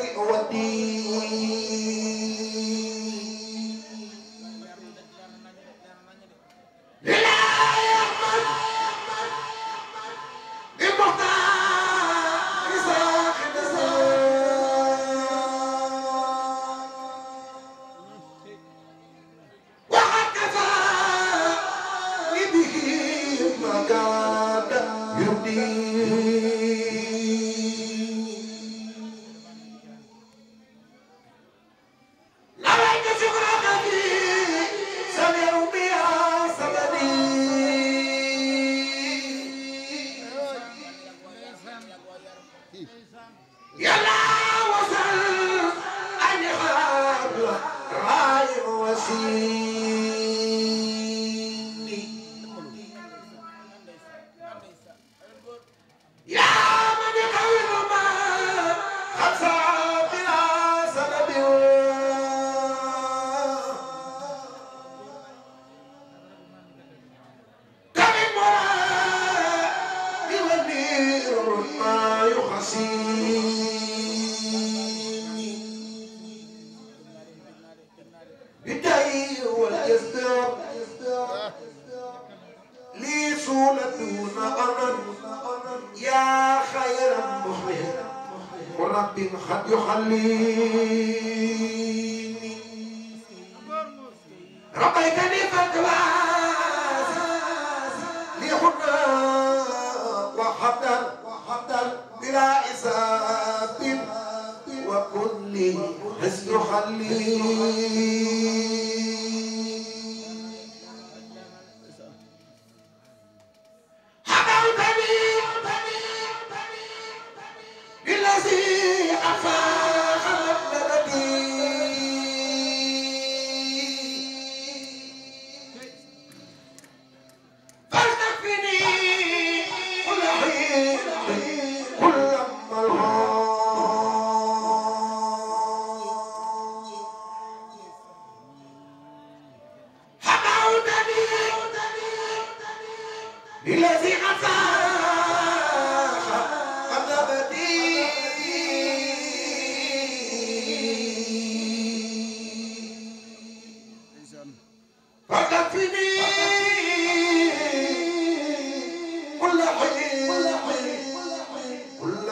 شيء ودين قد يخليني رقيتني فتواس لحنا وحبدا بلا إساب وكل حس يخليني الذي أتى